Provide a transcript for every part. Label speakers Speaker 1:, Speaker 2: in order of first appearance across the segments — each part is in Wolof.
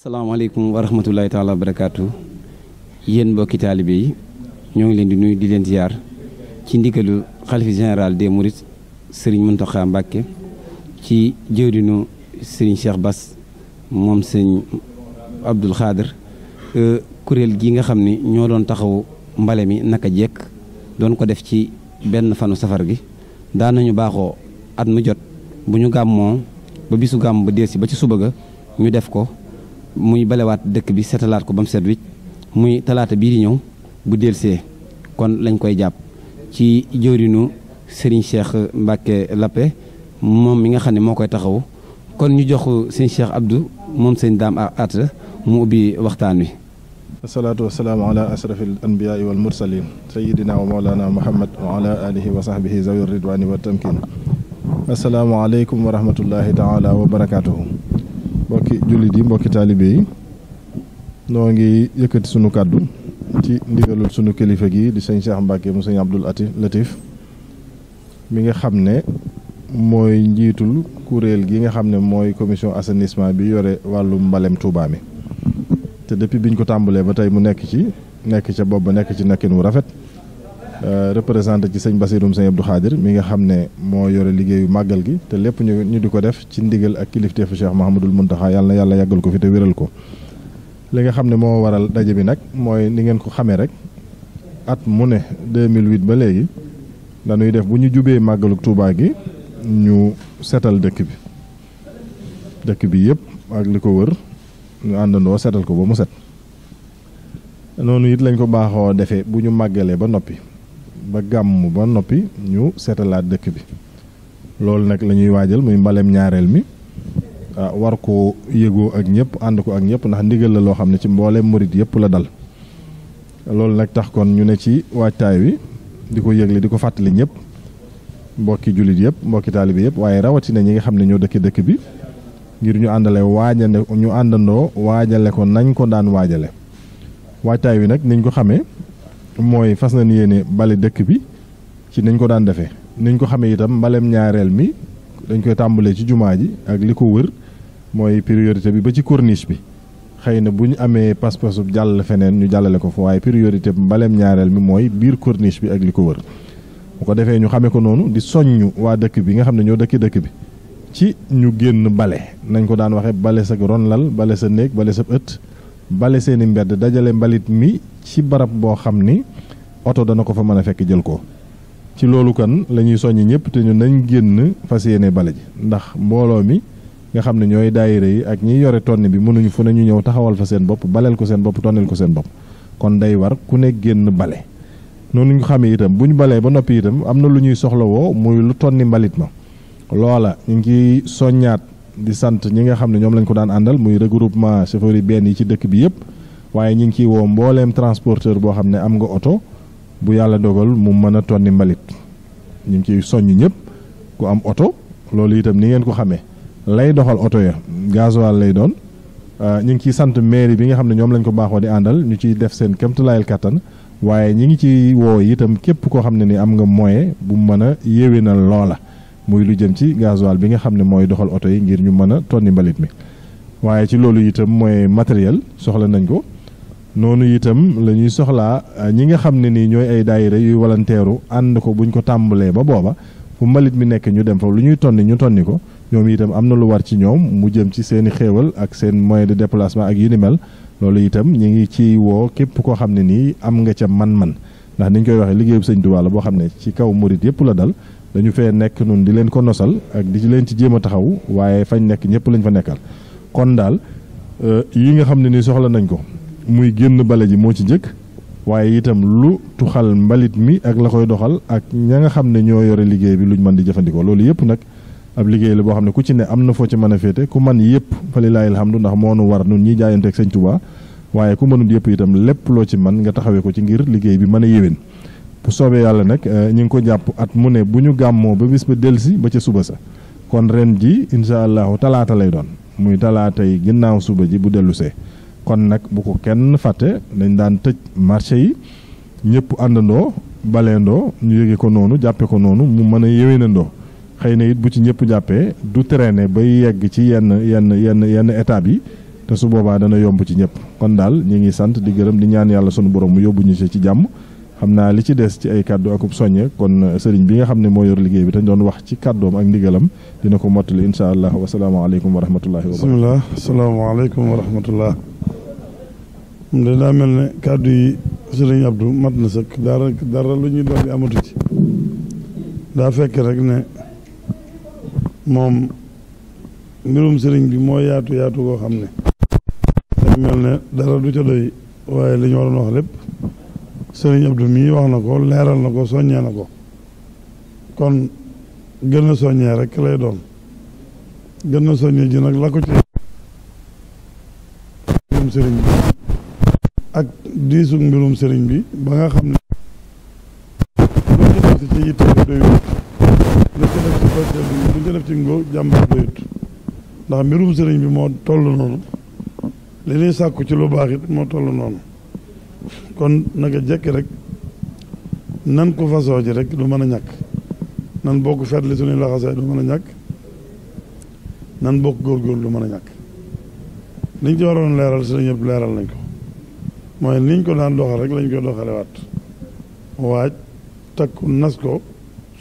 Speaker 1: salaamaaleykum wa rahmatulahi taala wa yéen mbokki taalibe yi ñoo ngi leen di nuyu di leen ziar ci ndiggalu xalifi général des Mourides sëriñ Mountakha Mbacké ci jëwriñu Serigne Cheikh bas moom sëñ Abdoul Khader euh, kuréel gi nga xam ni ñoo doon taxaw mbale mi naka jekk doon ko def ci benn fanu safar gi daan nañu baaxoo at mu jot bu ñu gàmmoo ba bisu gàmm ba dee si ba ci suba ga ñu def ko. muy balewaat dëkk bi setalaat ko ba mu set wicc muy talaata bii di ñëw bu delsee kon lañ koy jàpp ci jëwriñu sëriñ Cheikh Mbacke Lappe moom mi nga xam ne moo koy taxaw kon ñu jox sëñ Cheikh Abdou moom sëñ Daam Atta mu ubbi waxtaan wi
Speaker 2: asalaatu wasalaamu ala ashraf al anbiyaai wal mursalin sayidina wa maulana muhammad wa ala alihi wa sahbihi zawi ridwani wa tamkin asalaamu aleykum wa rahmatullahi taala wa barakatuhu mbokki jullit yi mbokki taalibe yi noo ngi yëkkati sunu kàddu ci ndigalul sunu kilifa gi di sëñ Cheikh Mbacke mu sëñ Abdul Ati Latif mi nga xam ne mooy njiitul kuréel gi nga xam ne mooy commission assainissement bi yore wàllu mbalem Touba mi te depuis biñ ko tàmbalee ba tey mu nekk ci nekk ca bopp ba nekk ci nakkin wu rafet Euh, représenté ci sañ Basirum sëñ Abdou Khadir mi nga xam ne moo yore liggéeyu màggal gi te lépp ñu ñu di ko def ci ndigal ak kilifteefu Cheikh Mahamadul Muntaxa yàlla na yàlla yàggal ko fi te wéral ko li nga xam ne moo waral daje bi nag mooy ni ngeen ko xamee rek at mu ne 2008 ba léegi dañuy def bu ñu jubee màggalu Touba gi ñu setal dëkk bi dëkk bi yëpp ak li ko wër ñu àndandoo setal ko ba mu set noonu it lañ ko baaxoo defee bu ñu màggalee ba noppi ba gàmm ba noppi ñu seetalaat dëkk bi loolu nag la ñuy waajal muy mbaleem ñaareel mi ah, war ko yëgoo ak ñëpp ànd ko ak ñëpp ndax ndigal la loo xam ne ci mbooleem murit yëpp la dal loolu nag tax kon ñu ne ci waajtaay wi di ko yëgle di ko fàttali ñëpp mbokki jullit yëpp mbokki taalibe yëpp waaye rawatina ñi nga xam ne ñoo dëkk dëkk bi ngir ñu àndale waajale ñu àndandoo waajale ko nañ ko daan waajale waajtaay wi nag niñ ko xame mooy fas na ni yéene bale dëkk bi ci nañ ko daan defee niñ ko xamee itam mbaleem ñaareel mi dañ koy tàmbalee ci jumaa ji ak li ko wër mooy priorité bi ba ci corniche bi xëy na bu ñu amee pas-pasu jàll feneen ñu jàllale ko fa waaye priorité bi mbaleem ñaareel mi mooy biir corniche bi ak li ko wër bu ko defee ñu xamee ko noonu di soññ waa dëkk bi nga xam ne ñoo dëkki dëkk bi ci ñu génn bale nañ ko daan waxee bale sa ron lal bale sa néeg bale sa ëtt bale seeni mbedd dajale mbalit mi ci barab boo xam ni oto dana ko fa mën a fekk jël ko ci loolu kan lañuy ñuy soññ ñëpp te ñu nañ génn fas yéene bale ji ndax mbooloo mi nga xam ne ñooy daayira yi ak ñiy yore tonne bi mënuñu fu ne ñu ñëw taxawal fa seen bopp baleel ko seen bopp tonnel ko seen bopp kon day war ku nekk génn bale noonu ñu xamee itam bu ñu balee ba noppi itam am na lu ñuy soxlawoo muy lu tonni mbalit ma loola ñu ngi soññaat di sant ñi nga xam ne ñoom lañ ko daan àndal muy regroupement chauffeur yi benn yi ci dëkk bi yëpp waaye ñu ngi ciy woo mbooleem transporteur boo xam ne am nga oto bu yàlla dogal mu mën a tonni mbalit ñu ngi ciy soññ ñëpp ku am oto loolu itam ni ngeen ko xamee lay doxal oto ya gasoil lay doon euh, ñu ngi ciy sant mairie bi nga xam ne ñoom lañ ko baaxoo di àndal ñu ciy def seen kéemtalaayal kattan waaye ñi ngi ci woo itam képp koo xam ne ni am nga moyen bu mën a yéwénal loola muy lu jëm ci gasoil bi nga xam ne mooy doxal oto yi ngir ñu mën a tonni mbalit mi waaye ci loolu itam mooy matériel soxla nañ ko noonu itam la ñuy soxlaa ah, ñi nga xam ne nii ñooy ay daayira yuy wallanteeru ànd ko buñ ko tàmbalee ba booba fu mbalit mi nekk ñu dem fa lu ñuy tonni ñu tonni ko ñoom itam am na lu war ci ñoom mu jëm ci seen i xéewal ak seen moyen de déplacement ak yu ni mel loolu itam ñu ngi ci woo képp koo xam ne nii am nga ca man-man ndax niñ koy waxee liggéeyub sëñ Tuubaa la boo xam ne ci kaw murit yëpp la dal dañu fee nekk nun di leen ko nosal ak di leen ci jéem a taxaw waaye fañ nekk ñëpp lañ fa nekkal kon daal euh, yi nga xam ne ni soxla nañ ko muy génn bale ji moo ci njëkk waaye itam lu tuxal mbalit mi ak la koy doxal ak ña nga xam ne ñoo yore liggéey bi luñ mën di jëfandikoo loolu yëpp nag ab liggéey la boo xam ne ku ci ne am na foo ci mën a féete ku man yëpp fa lilaay alhamdu ndax moo nu war nun ñi jaayanteeg sëñ Tuubaa waaye ku mënut yëpp itam lépp loo ci man nga taxawee ko ci ngir liggéey bi mën a yéwén bu soobee yàlla nag euh, ñu ngi ko jàpp at mu ne bu ñu gàmmoo ba bis ba delsi ba ca suba sa kon ren ji incha allahu talaata lay doon muy talaata yi ginnaaw suba ji bu dellusee kon nag bu ko kenn fàtte dañ daan tëj marché yi ñëpp àndandoo baleendoo ñu yëge ko noonu jàppe ko noonu mu mën a yéwénandoo xëy na it bu ci ñëpp jàppee du traîner bay yegg ci yenn yenn yenn yenn étape yi te su boobaa dana yomb ci ñëpp kon daal ñu ngi sant di gërëm di ñaan yàlla sunu borom mu yóbbu ñu ci jàmm xam naa li ci des ci ay kàddu akub soññe kon euh, sëriñ bi nga xam ne mooy yor liggéey bi te doon wax ci kàddoom ak ndigalam dina ko mottali incha allah wasalaamaaleykum wa rahmatullahi wa bisimilah
Speaker 3: salaamaaleykum wa rahmatullah de daa mel ne kàddu yi sëriñ abdu mat na sëkk dara dara lu ñuy doon amatu ci daa fekk rek ne moom mbirum sëriñ bi mooy yaatu yaatu koo xam ne. mel ne dara du ca doy waaye li ñu waroon wax lépp sëriñ Abdou mii wax na ko leeral na ko soññee na ko kon gën a soññee rek lay doon gën a soññee ji nag la ko ci mbirum sëriñ bi ak diisu mbirum sëriñ bi ba nga xam ne lu ci def ci yitte doyut lu ci def ngóo jàmbar doyut ndax mbirum sëriñ bi moo toll noonu li ñuy sàkku ci lu baax it moo toll noonu kon naka jekk rek nan ko fasoo ji rek du mën a ñàkk nan bokk fetli suñuy laxasaay du mën a ñàkk nan bokk góor du mën a ñàkk liñ ci waroon leeral si ñëpp leeral nañ ko mooy niñ ko daan doxal rek lañ koy doxale waat waaj takku nas ko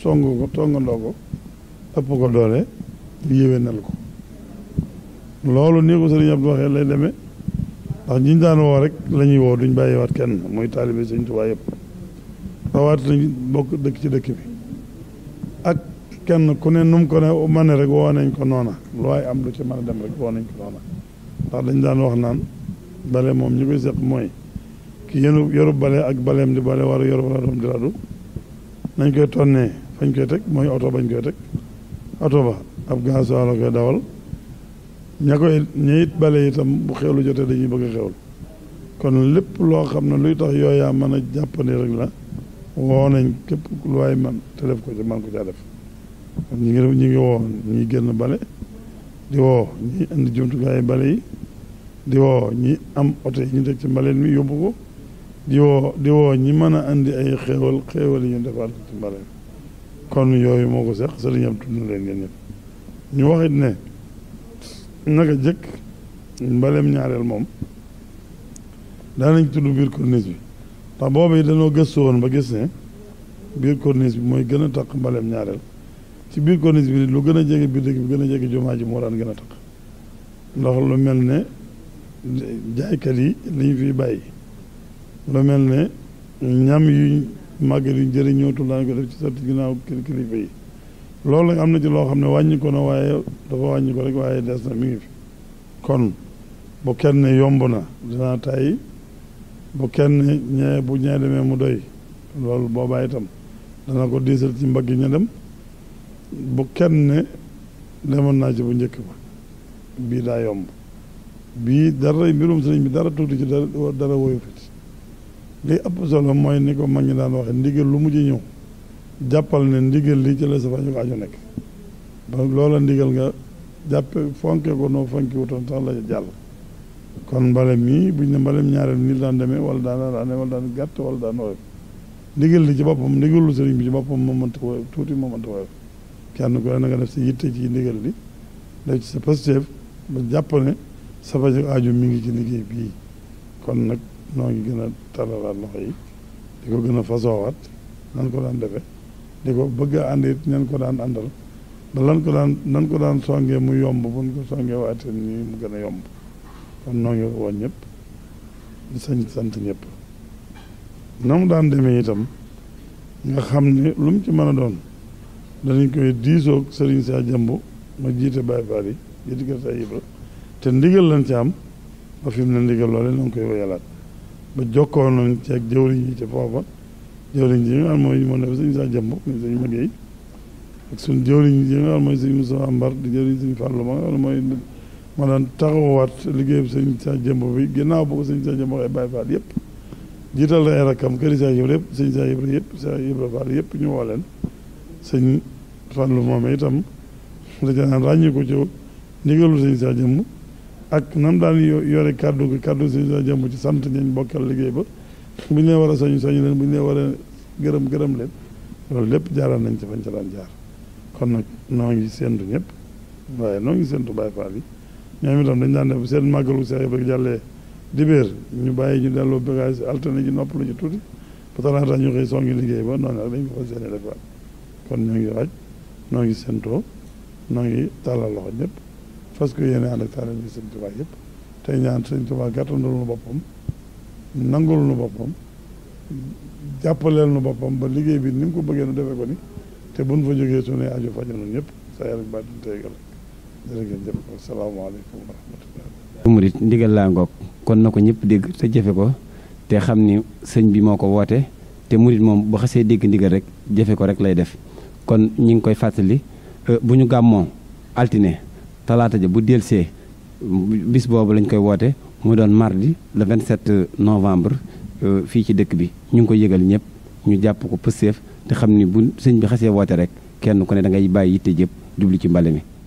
Speaker 3: song ko tongandoo ko ëpp ko doole yéwénal ko loolu nii ko sëriñ Abdou waxee lay demee ndax ñi ñu daan woo rek la ñuy woo duñ bàyyiwaat kenn muy taalibe Sëñ Tuubaa yëpp rawaat nañ bokk dëkk ci dëkk bi ak kenn ku ne nu mu ko ne ma rek woo nañ ko noona lu waaye am lu ci mën dem rek woo nañ ko noona ndax dañ daan wax naan bale moom ñi koy seq mooy ki yenu yoru bale ak baleem di bale war a yoru radoom di radu nañ koy tonnee fañ koy teg mooy oto bañ koy teg oto ba ab gasoil la koy dawal ña koy ña it bale itam bu xewlu jotee dañuy bëgg a xewlu kon lépp loo xam ne luy tax yooyaa mën a jàppandi rek la woo nañ képp lu waay man te def ko ci man ko caa def kon ñu ngi ñu ngi ñi génn bale di woo ñi indi jumtukaayu bale yi di woo ñi am oto yi ñu def ci mbaleen mi yóbbu ko di woo di woo ñi mën a andi ay xéewal xéewal yi ñu defaat ci mbaleen kon yooyu moo ko seq sëriñam tudd na leen ngeen ñëpp ñu waxit ne naka jëkk mbalem ñaareel moom daanañ tudd biir corniche bi ndax boobu yi dañoo gëstu woon ba gis ne biir corniche bi mooy gën a taq mbalem ñaareel ci biir corniche bi lu gën a jege biir dëkk bi gën a jege jumaa ji moo daan gën a taq ndox lu mel ne jaaykat yi li ñu fiy bàyyi lu mel ne ñam yu màggal yu jëriñootul daan ko def ci sotti ginnaaw kilifa yi loolu nag am na ci loo xam ne wàññi na waaye dafa wàññi ko rek waaye des na mi ngi fi kon bu kenn yomb na dinaa tàyyi bu kenn ñee bu ñee demee mu doy loolu boobaa itam dana ko diisal ci mbagg ña dem bu kenn ne demoon naa ci bu njëkk ba bii daa yomb bii dara mbirum sëriñ bi dara tuuti ci dara dara woyu fit li ëpp solo mooy ni ko mag ñi daan waxe ndigal lu mujj ñëw jàppal ne ndigal li ci la sa faju aju nekk donc loola ndigal nga jàppe fonke ko noo fonki wutoon sax la jàll kon mbalem mi buñ ne mbalem ñaareel nii daan demee wala daan daane wala daan gàtt wala daan woyof ndigal li ci boppam ndigalu sëriñ bi ci boppam moo mënta woyof tuuti moo mënta woyof kenn ku ne nga def sa yitte ci ndigal li def ci sa pasteef ba jàpp ne sa faju aju mi ngi ci liggéey bii kon nag noo ngi gën a talalaat loxo yi di ko gën a façon waat nan ko daan defee di ko bëgg a ànd it ñan ko daan àndal ba lan ko daan nan ko daan songee mu yomb buñ ko songee waatee nii mu gën a yomb kon noo ngi woon ñëpp di sañ sant ñëpp na mu daan demee itam nga xam ne lu ci mën a doon danañ koy diisoog sëriñ jëmb ma jiite Baay Faal yi jiite kër saa Ibra te ndigal lañ ci am ba fi mu ne ndigal loole la nga koy wéyalaat ba jokkoo nañ ci ak jëwriñ yi ci foofa jawriñ ji nga mooy moo nekk sëñ Saa Jàmb muy sëñ Magey ak suñ jawriñ ji nga xam mooy sëñ Moussa Mbar di jawriñ sëñ Fàllu ma nga xam mooy moo daan taxawaat liggéeyam sëñ Saa Jàmb bi ginnaaw bu ko sëñ Saa Jàmb yëpp jiital na ay rakkam këri Saa Ibra yëpp sëñ Saa yëpp Saa Ibra yëpp ñu woo leen sëñ Fàllu moom itam daca naan ràññi ko ci ndigalu sëñ Saa Jàmb ak nam daan yore kàddu gi kàddu sëñ Saa Jàmb ci sant ñañ bokkal liggéey ba bu ñu leen war a soñu soñu leen bu ñu leen war gërëm gërëm leen loolu lépp jaaraan nañ ci fañ ca daan jaar kon nag noo ngi séntu ñëpp waaye noo ngi séntu Baay Faal yi ñoom itam dañ daan def seen màggalu Seex Ibra jàllee dibéer ñu bàyyi ñu delloo bagage alterné ji noppalu ji tuuti ba tax ñu xëy songi liggéey ba noonu rek dañ ko fas yéene defaat kon ñoo ngi waaj noo ngi too noo ngi tàllal loxo ñëpp fas ko yéene ànd ak taalibe bi Sëñ Tuubaa yëpp tey ñaan Sëñ Tuubaa gàttandul boppam nangul nu boppam jàppaleel nu boppam ba liggéey bi ni ko bëggee nu defee ko ni te buñ fa jógee su ne aju fajanu ñëpp sa yaram baat ñu
Speaker 1: tey ngoog kon na ko ñëpp dégg te jëfe ko te xam ni sëñ bi moo ko woote te murit moom bu xasee dégg ndigal rek jëfe ko rek lay def kon ñi ngi koy fàttali euh, bu ñu gàmmoo altine talaata ja bu delsee bis boobu lañ koy woote mu doon mardi le 27 novembre euh, fii ci dëkk bi ñu ngi ko yëgal ñëpp ñu jàpp ko pëseef te xam ni bu sëñ bi xasee woote rek kenn ku ne da ngay bàyyi yitte jëpp jublu ci mbale mi